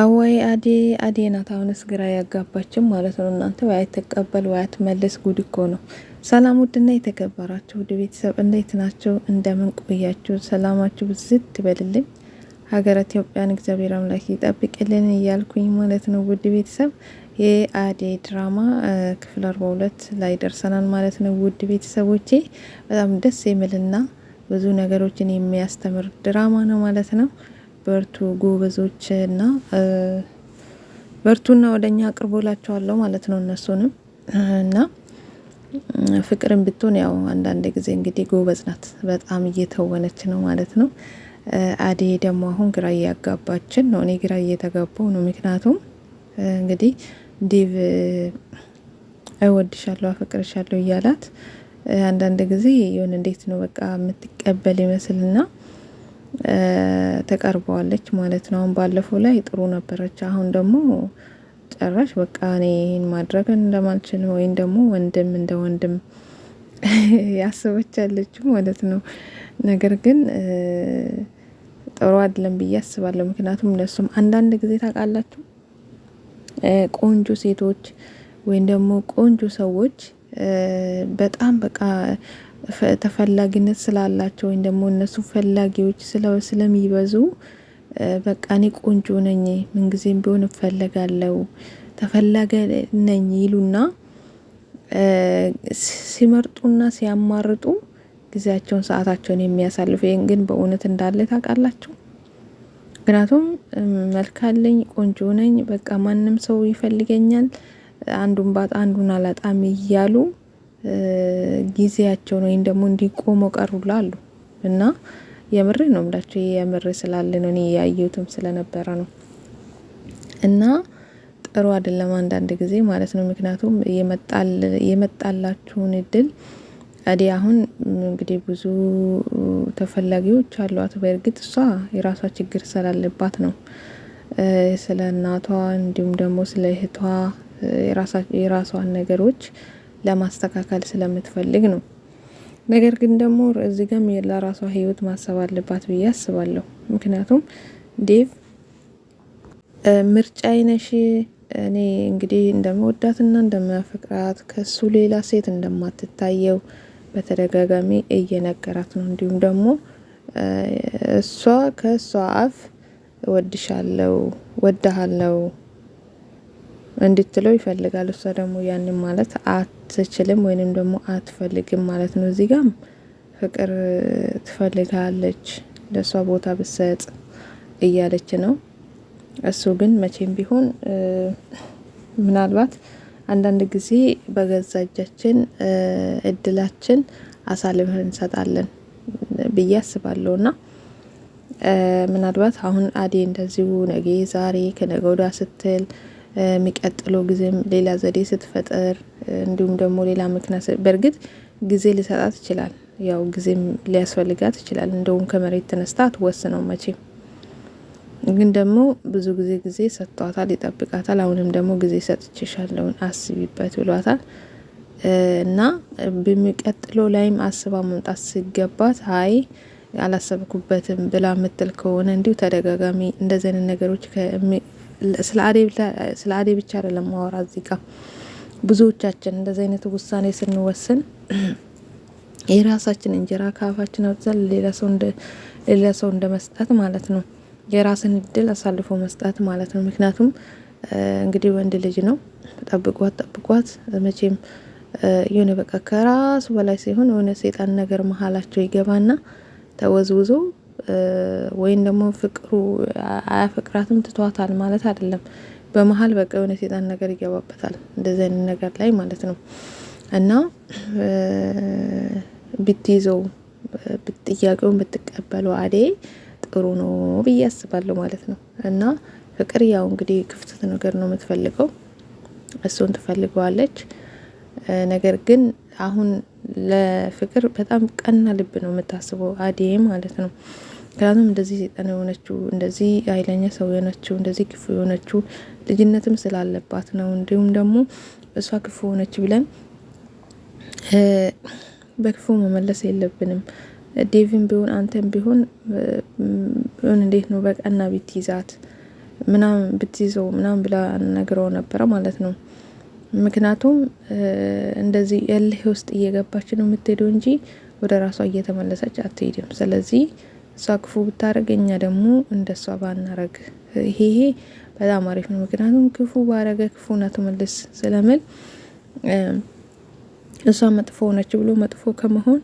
አወይ አዴ አዴ ናት። አሁንስ ግራ ያጋባችም ማለት ነው እናንተ። ወይ አትቀበል ወይ አትመልስ፣ ጉድ እኮ ነው። ሰላም ውድና የተከበራችሁ ውድ ቤተሰብ እንዴት ናቸው? እንደምን ቆያችሁ? ሰላማችሁ ብዝት ትበልልኝ። ሀገረ ኢትዮጵያን እግዚአብሔር አምላክ ይጠብቅልን እያልኩኝ ማለት ነው ውድ ቤተሰብ የአዴ ድራማ ክፍል አርባ ሁለት ላይ ደርሰናል ማለት ነው ውድ ቤተሰቦቼ። በጣም ደስ የሚልና ብዙ ነገሮችን የሚያስተምር ድራማ ነው ማለት ነው። በርቱ ጎበዞች እና በርቱና ወደ እኛ አቅርቦላቸዋለሁ ማለት ነው። እነሱንም እና ፍቅርን ብትሆን ያው አንዳንድ ጊዜ እንግዲህ ጎበዝ ናት፣ በጣም እየተወነች ነው ማለት ነው። አዴ ደግሞ አሁን ግራ እያጋባችን ነው። እኔ ግራ እየተጋባው ነው። ምክንያቱም እንግዲህ ዲቭ እወድሻለሁ፣ አፈቅርሻለሁ እያላት አንዳንድ ጊዜ የሆነ እንዴት ነው በቃ የምትቀበል ይመስልና ተቀርበዋለች ማለት ነው። አሁን ባለፈው ላይ ጥሩ ነበረች። አሁን ደግሞ ጨራሽ በቃ እኔ ማድረግ እንደማልችል ወይም ደግሞ ወንድም እንደ ወንድም ያሰበቻለች ማለት ነው። ነገር ግን ጥሩ አይደለም ብዬ አስባለሁ። ምክንያቱም እነሱም አንዳንድ ጊዜ ታውቃላችሁ ቆንጆ ሴቶች ወይም ደግሞ ቆንጆ ሰዎች በጣም በቃ ተፈላጊነት ስላላቸው ወይም ደግሞ እነሱ ፈላጊዎች ስለሚበዙ በቃ እኔ ቆንጆ ነኝ፣ ምንጊዜም ቢሆን እፈለጋለው፣ ተፈላጊ ነኝ ይሉና ሲመርጡና ሲያማርጡ ጊዜያቸውን ሰዓታቸውን የሚያሳልፉ ይህን ግን በእውነት እንዳለ ታውቃላችሁ። ምክንያቱም መልካለኝ ቆንጆ ነኝ፣ በቃ ማንም ሰው ይፈልገኛል፣ አንዱን ባጣ አንዱን አላጣም እያሉ ጊዜያቸውን ወይም ደግሞ እንዲቆሙ ቀሩላ አሉ እና የምሬ ነው ምላቸው። ይሄ የምር ስላለ ነው እኔ ያየሁትም ስለነበረ ነው እና ጥሩ አይደለም አንዳንድ ጊዜ ማለት ነው። ምክንያቱም የመጣላችሁን እድል አዲ አሁን እንግዲህ ብዙ ተፈላጊዎች አሏት። በእርግጥ እሷ የራሷ ችግር ስላለባት ነው ስለ እናቷ እንዲሁም ደግሞ ስለ እህቷ የራሷን ነገሮች ለማስተካከል ስለምትፈልግ ነው። ነገር ግን ደግሞ እዚህ ጋም ለራሷ ህይወት ማሰብ አለባት ብዬ አስባለሁ። ምክንያቱም ዴቭ ምርጫ አይነሽ እኔ እንግዲህ እንደመወዳትና እንደመፈቅራት ከሱ ሌላ ሴት እንደማትታየው በተደጋጋሚ እየነገራት ነው። እንዲሁም ደግሞ እሷ ከእሷ አፍ ወድሻለው ወድሃለው እንድትለው ይፈልጋል። እሷ ደግሞ ያንን ማለት አትችልም ወይንም ደግሞ አትፈልግም ማለት ነው። እዚህ ጋም ፍቅር ትፈልጋለች ለእሷ ቦታ ብሰጥ እያለች ነው። እሱ ግን መቼም ቢሆን ምናልባት አንዳንድ ጊዜ በገዛ እጃችን እድላችን አሳልፈን እንሰጣለን ብዬ አስባለሁ እና ምናልባት አሁን አዴ እንደዚሁ ነገ ዛሬ ከነገ ወዲያ ስትል የሚቀጥለው ጊዜም ሌላ ዘዴ ስትፈጥር እንዲሁም ደግሞ ሌላ ምክንያት በእርግጥ ጊዜ ሊሰጣት ይችላል። ያው ጊዜም ሊያስፈልጋት ይችላል። እንደውም ከመሬት ተነስታ አትወስነው መቼም። ግን ደግሞ ብዙ ጊዜ ጊዜ ሰጥቷታል፣ ይጠብቃታል። አሁንም ደግሞ ጊዜ ሰጥቼሻለሁ አስቢበት ብሏታል። እና በሚቀጥለው ላይም አስባ መምጣት ሲገባት አይ አላሰብኩበትም ብላ ምትል ከሆነ እንዲሁ ተደጋጋሚ እንደዚህ አይነት ነገሮች ስለ አዴ ብቻ አይደለም ማወራ እዚህ ጋር ብዙዎቻችን እንደዚህ አይነት ውሳኔ ስንወስን የራሳችን እንጀራ ከአፋችን አውጥተን ሌላ ሰው እንደ መስጠት ማለት ነው። የራስን እድል አሳልፎ መስጠት ማለት ነው። ምክንያቱም እንግዲህ ወንድ ልጅ ነው። ጠብቋት ጠብቋት መቼም የሆነ በቃ ከራሱ በላይ ሲሆን የሆነ ሴጣን ነገር መሀላቸው ይገባና ተወዝውዞ ወይም ደግሞ ፍቅሩ አያፈቅራትም ትቷታል ማለት አይደለም። በመሀል በቃ የሆነ ሴጣን ነገር ይገባበታል እንደዚህ አይነት ነገር ላይ ማለት ነው። እና ብትይዘው ጥያቄውን ብትቀበለው አዴ ጥሩ ነው ብዬ አስባለሁ ማለት ነው። እና ፍቅር ያው እንግዲህ ክፍተት ነገር ነው የምትፈልገው፣ እሱን ትፈልገዋለች። ነገር ግን አሁን ለፍቅር በጣም ቀና ልብ ነው የምታስበው አዴ ማለት ነው። ምክንያቱም እንደዚህ ሴጠን የሆነችው እንደዚህ ኃይለኛ ሰው የሆነችው እንደዚህ ክፉ የሆነችው ልጅነትም ስላለባት ነው። እንዲሁም ደግሞ እሷ ክፉ ሆነች ብለን በክፉ መመለስ የለብንም። ዴቪን ቢሆን አንተም ቢሆን ቢሆን እንዴት ነው በቀና ብትይዛት ምናም ብትይዘው ምናም ብላ ነግረው ነበረ ማለት ነው። ምክንያቱም እንደዚህ እልህ ውስጥ እየገባች ነው የምትሄደው እንጂ ወደ ራሷ እየተመለሰች አትሄድም። ስለዚህ እሷ ክፉ ብታደረግ እኛ ደግሞ እንደሷ ባናረግ ይሄ በጣም አሪፍ ነው። ምክንያቱም ክፉ ባረገ ክፉና ትመልስ ስለምል እሷ መጥፎ ነች ብሎ መጥፎ ከመሆን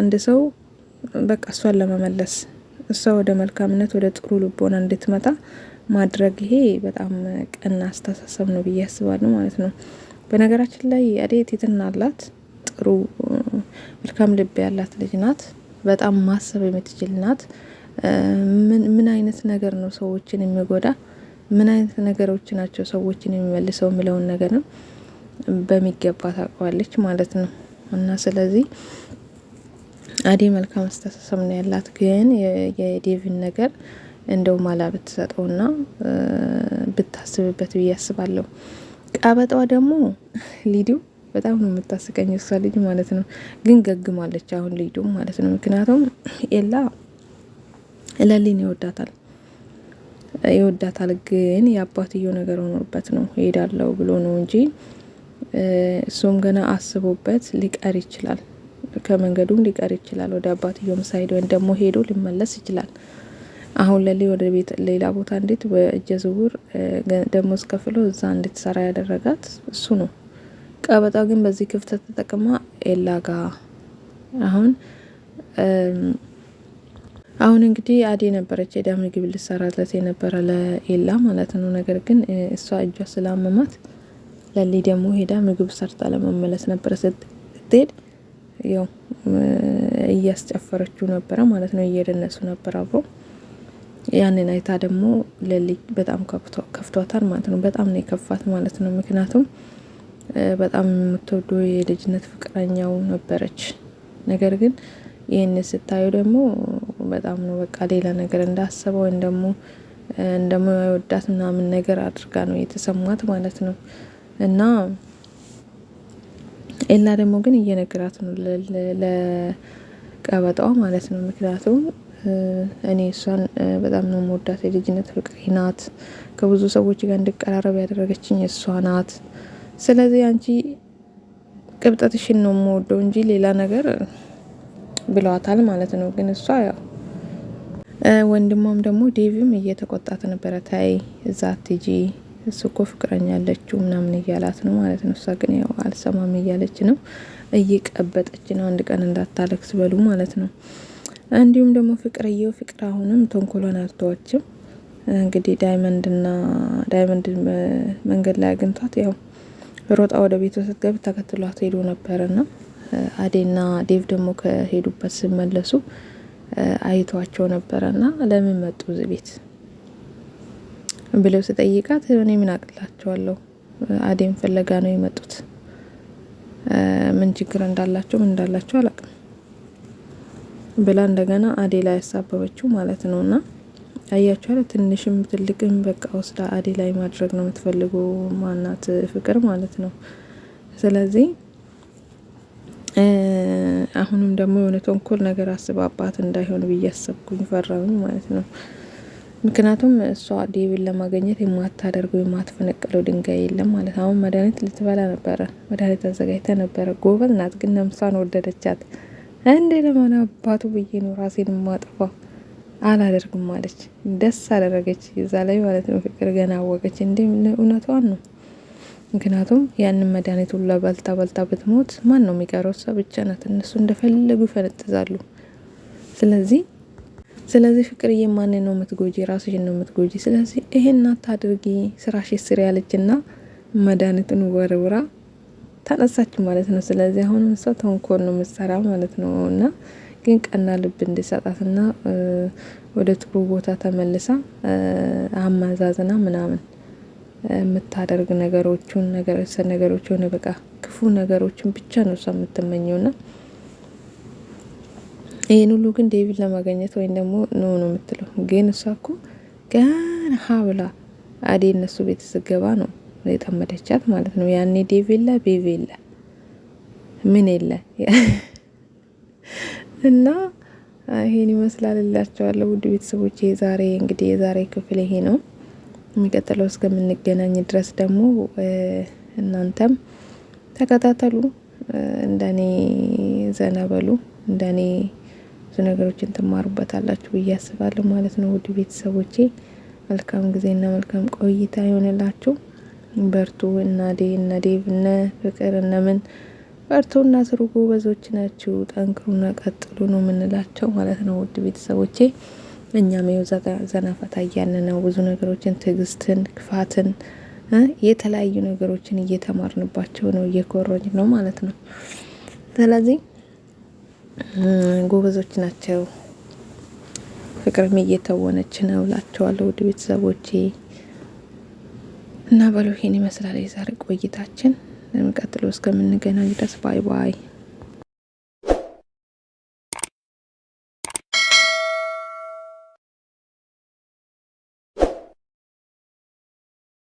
አንድ ሰው በቃ እሷን ለመመለስ እሷ ወደ መልካምነት ወደ ጥሩ ልቦና እንድትመጣ ማድረግ ይሄ በጣም ቀና አስተሳሰብ ነው ብዬ አስባለሁ ማለት ነው። በነገራችን ላይ አዴ ትህትና አላት፣ ጥሩ መልካም ልብ ያላት ልጅ ናት። በጣም ማሰብ የምትችል ናት። ምን አይነት ነገር ነው ሰዎችን የሚጎዳ? ምን አይነት ነገሮች ናቸው ሰዎችን የሚመልሰው የሚለውን ነገርም በሚገባ ታውቀዋለች ማለት ነው። እና ስለዚህ አዴ መልካም አስተሳሰብ ነው ያላት። ግን የዴቪን ነገር እንደው ማላ ብትሰጠውና ብታስብበት ብዬ አስባለሁ። ቀበጧ ደግሞ ሊዲው በጣም ነው የምታስቀኝ እሷ ልጅ ማለት ነው። ግን ገግማለች አሁን ልጁ ማለት ነው። ምክንያቱም ኤላ ለሊን ይወዳታል ይወዳታል ግን የአባትየው ነገር ሆኖበት ነው ሄዳለው ብሎ ነው እንጂ እሱም ገና አስቦበት ሊቀር ይችላል። ከመንገዱም ሊቀር ይችላል። ወደ አባትየውም ሳይድ ወይም ደግሞ ሄዶ ሊመለስ ይችላል። አሁን ለሊ ወደ ቤት ሌላ ቦታ እንዴት በእጀ ዝውውር ደሞዝ ከፍሎ እዛ እንድትሰራ ያደረጋት እሱ ነው። ቀበጣ ግን በዚህ ክፍተት ተጠቅማ ኤላ ጋ አሁን አሁን እንግዲህ አዴ ነበረች ሄዳ ምግብ ልሰራለት የነበረ ለኤላ ማለት ነው። ነገር ግን እሷ እጇ ስላመማት ለሊ ደግሞ ሄዳ ምግብ ሰርታ ለመመለስ ነበረ ስትሄድ፣ ያው እያስጨፈረችው ነበረ ማለት ነው። እየደነሱ ነበር አብሮ። ያንን አይታ ደግሞ ለሊ በጣም ከፍቷታል ማለት ነው። በጣም ነው የከፋት ማለት ነው። ምክንያቱም በጣም የምትወዱ የልጅነት ፍቅረኛው ነበረች። ነገር ግን ይህንን ስታዩ ደግሞ በጣም ነው በቃ ሌላ ነገር እንዳሰበው ወይም ደግሞ እንደማይወዳት ምናምን ነገር አድርጋ ነው የተሰማት ማለት ነው። እና ኤላ ደግሞ ግን እየነገራት ነው ለቀበጣዋ ማለት ነው። ምክንያቱም እኔ እሷን በጣም ነው መወዳት የልጅነት ፍቅሬ ናት፣ ከብዙ ሰዎች ጋር እንድቀራረብ ያደረገችኝ እሷ ናት ስለዚህ አንቺ ቅብጠትሽን ነው የምወደው እንጂ ሌላ ነገር ብለዋታል ማለት ነው። ግን እሷ ያው ወንድሟም ደግሞ ዴቪም እየተቆጣት ነበረ። ታይ እዛ ትጂ እሱ እኮ ፍቅረኛ አለችው ምናምን እያላት ነው ማለት ነው። እሷ ግን ያው አልሰማም እያለች ነው፣ እየቀበጠች ነው። አንድ ቀን እንዳታለቅስ በሉ ማለት ነው። እንዲሁም ደግሞ ፍቅርዬው ፍቅር አሁንም ተንኮሏን አልተዋችም። እንግዲህ ዳይመንድና ዳይመንድ መንገድ ላይ አግኝቷት ያው ሮጣ ወደ ቤቷ ስትገብ ተከትሏት ሄዶ ነበርና አዴና ዴቭ ደግሞ ከሄዱበት ስመለሱ አይቷቸው ና ለምን መጡ እዚህ ቤት ብለው ስጠይቃት እኔ ምን አቅላቸዋለሁ አዴን ፍለጋ ነው የመጡት። ምን ችግር እንዳላቸው ምን እንዳላቸው አላቅም ብላ እንደገና አዴ ላይ ያሳበበችው ማለት ነውና አያችኋል። ትንሽም ትልቅም በቃ ወስዳ አዴ ላይ ማድረግ ነው የምትፈልጉ ማናት ፍቅር ማለት ነው። ስለዚህ አሁንም ደግሞ የሆነ ተንኮል ነገር አስባባት እንዳይሆን ብዬ አሰብኩኝ፣ ፈራሁኝ ማለት ነው። ምክንያቱም እሷ ዴቪን ለማገኘት የማታደርገው የማትፈነቅለው ድንጋይ የለም ማለት አሁን መድኃኒት ልትበላ ነበረ፣ መድኃኒት አዘጋጅተ ነበረ። ጎበዝ ናት ግን ነምሳን ወደደቻት። እንዴ ለማን አባቱ ብዬ ነው ራሴን የማጠፋው? አላደርግም አለች። ደስ አደረገች እዛ ላይ ማለት ነው። ፍቅር ገና አወቀች። እንዲ እውነቷን ነው። ምክንያቱም ያንን መድኃኒት ሁላ በልታ በልታ ብትሞት ማን ነው የሚቀረው? እሷ ብቻ ናት። እነሱ እንደፈለጉ ይፈነጥዛሉ። ስለዚህ ስለዚህ ፍቅርዬ ማንን ነው የምትጎጂ? ራስሽን ነው የምትጎጂ። ስለዚህ ይሄን አታድርጊ፣ ስራሽ ስሪ ያለችና መድኃኒቱን ወርውራ ተነሳች ማለት ነው። ስለዚህ አሁንም እሷ ተንኮል ነው የምትሰራ ማለት ነው እና ግን ቀና ልብ እንዲሰጣትና ወደ ጥሩ ቦታ ተመልሳ አማዛዝና ምናምን የምታደርግ ነገሮቹን ነገሮች ሆነ በቃ ክፉ ነገሮችን ብቻ ነው እሷ የምትመኘውና ይህን ሁሉ ግን ዴቪድ ለማገኘት ወይም ደግሞ ኖ ነው የምትለው። ግን እሷ እኮ ገና ሀ ብላ አዴ እነሱ ቤት ስገባ ነው የጠመደቻት ማለት ነው። ያኔ ዴቪድ የለ ቤቪ የለ ምን የለ እና ይሄን ይመስላል እላቸዋለሁ። ውድ ቤተሰቦች የዛሬ እንግዲህ የዛሬ ክፍል ይሄ ነው። የሚቀጥለው እስከምንገናኝ ድረስ ደግሞ እናንተም ተከታተሉ፣ እንደኔ ዘና በሉ፣ እንደኔ ብዙ ነገሮችን ትማሩበታላችሁ ብዬ አስባለሁ ማለት ነው። ውድ ቤተሰቦቼ መልካም ጊዜና መልካም ቆይታ ይሆንላችሁ። በርቱ። እነ ዴ እነ ዴቭ እነ ፍቅር እነ ምን በርቱና ስሩ፣ ጎበዞች ናችሁ፣ ጠንክሩና ቀጥሉ ነው የምንላቸው ማለት ነው። ውድ ቤተሰቦቼ እኛም ይኸው ዘናፈታ እያለ ነው ብዙ ነገሮችን ትዕግስትን፣ ክፋትን፣ የተለያዩ ነገሮችን እየተማርንባቸው ነው፣ እየኮረኝ ነው ማለት ነው። ስለዚህ ጎበዞች ናቸው፣ ፍቅርም እየተወነች ነው እላቸዋለሁ። ውድ ቤተሰቦቼ እና በሎሄን ይመስላል የዛሬ ቆይታችን። በሚቀጥለው እስከምንገናኝ ድረስ ባይ ባይ።